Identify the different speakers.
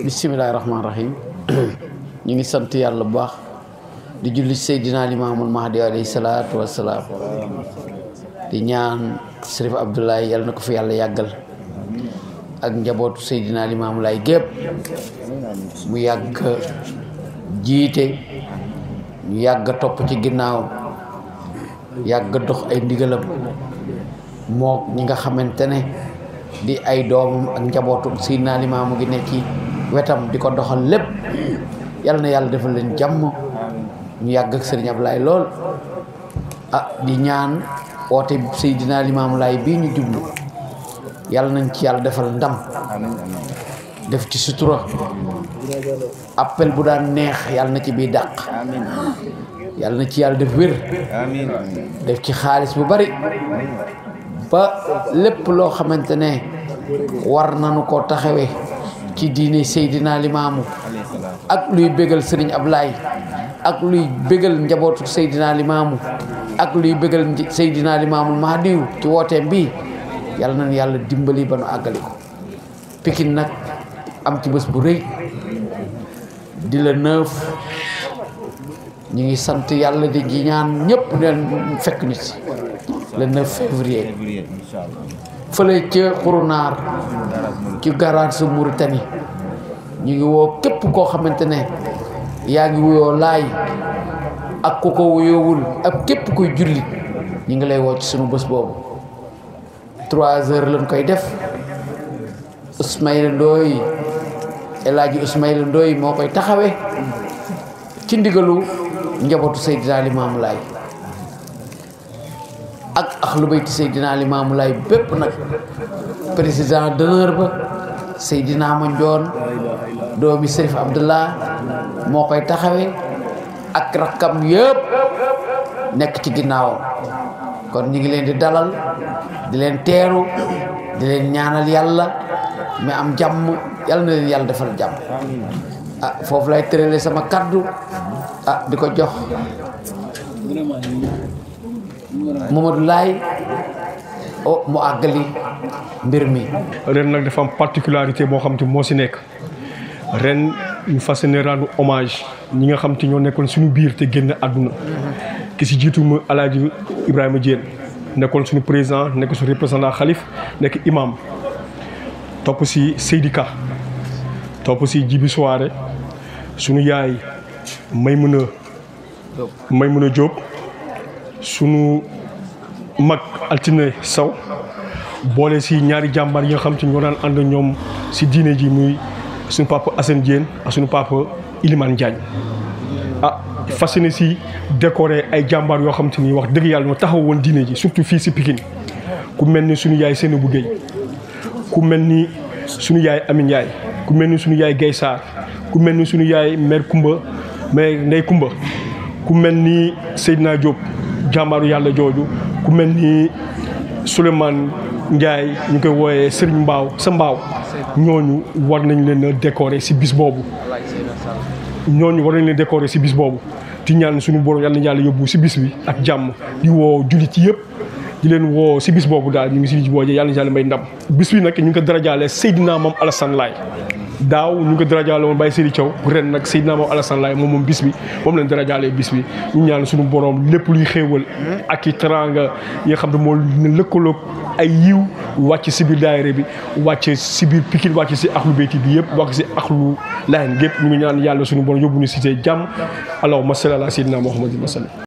Speaker 1: Bismillahirrahmanirrahim daan ñu ngi sant yalla bu baax di julli sayyidina seydina limaamul mahdi alayhi salatu wassalam di ñaan serif abdoulaye yalla nako fi yalla yagal ak sayidina al imam lay gépp mu yag jiite ñu yag top ci ginnaw yag dox ay ndigalam moo ñi nga xamantene di ay doomam ak sayidina al imam gi nekk wetam diko doxal lepp yalla na yalla defal leen jàmm ñu yag ak serigne Ablaay lol ah di ñaan wote sayidina al imam lay bi ñu jublu yàlla nañ ci yàlla defal ndam def ci sutura appel bu daan neex yàlla na ci bii dàq yàlla na ci yàlla def wér def ci xaalis bu bari ba lépp loo xamante ne war nañu ko taxawe ci diine Seydina Limaamu ak luy bégal Sëriñ Ablaay ak luy bégal njabootu Seydina Limaamu ak luy bégal Seydina Limaamul Mahdiyu ci wooteem bi yalla nañu yalla dimbali banu agali ko pikin nak am ci bés bu reuy di la neuf ñi ngi sant yalla di gi ñaan ñepp neen fekk ñu ci le 9 février fele ci xurunaar ci garage su Mauritanie ñi ngi wo kep ko xamantene ne wuyo lay ak ko ko wuyoowul ak kep koy julli ñi ngi lay wo ci sunu bés bobu trois heures lañ koy def Ismaïla Ndoye El Hadji Ismaïla Ndoye moo koy taxawee ci ndigalu njabootu Seydina Limaamu Laay ak lu axlu bayti Seydina Limaamu Laay bépp nag président d'honneur ba Seydina Mandione doomi Serif Abdallah moo koy taxawe ak rakkam yépp nekk ci ginnaawam kon ñu ngi leen di dalal di leen teeru di leen ñaanal yàlla mi am jàmm yàlla na leen yàlla defal jàmm ah foofu lay tërale sama kaddu ah di ko jox Mamadou Laye
Speaker 2: oh mu àggali mbir mi. ren nag defam am particularité boo xam te moo si nekk ren ñu fas yéene rendu hommage ñi nga xam ci ñoo nekkoon suñu biir te génn àdduna. ki si jiitu nous sommes ibrahim Diène président nous sommes représentant xalif imam Top si Seydika, top si Soare yaay nous sommes Diop Altine Sao, bolé si ñaari jambar yi nga xam ci ñu daan sommes ñom ci diiné ji muy suñu papa Assane Diène papa ah fas yéene si décorer ay jàmbaar yoo xam te ni wax dëgg yàlla ñoo taxaw woon diine ji surtout fii si pikin ku mel ni suñu yaay Seynabou Gueye ku mel ni suñu yaay Amin Ndiaye ku mel ni suñu yaay Guèye Sarr ku mel ni suñu yaay mère Kumba mère Ndey Kumba ku mel ni Seydina Diop jàmbaaru yàlla jooju ku mel ni Souleymane Ndiaye ñu koy wooyee Serigne Mbaaw sa Mbaaw ñooñu war nañ leen a décorer si bis boobu ñooñu war nañ leen décorer si bis boobu. di ñaan suñu borom yàlla na yàlla yóbbu si bis bi ak jàmm di woo jullit yëpp di leen woo si bis boobu daal ñu ngi si booje yàlla na yàlla may ndam bis bi nag ñu ngi ko darajaale Seydina moom Alassane Laye daaw ñu ngi ko darajaale woon Baye Seydi Thiaw ren nag Seydina moom Alassane Laye moom moom bis bi moom leen darajaale bis bi ñu ñaan suñu borom lépp luy xéewal ak i teranga yi nga xam ne moo lëkkaloog ay yiw wàcc si biir daayira bi wàcc si biir Pikine wàcc si axlu béyti bi yëpp wàcc si axlu Layeen gépp ñu ngi ñaan yàlla suñu borom yóbbu ñu cité jàmm allahumma salli ala Seydina Muhammadin wa sallam